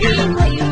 You.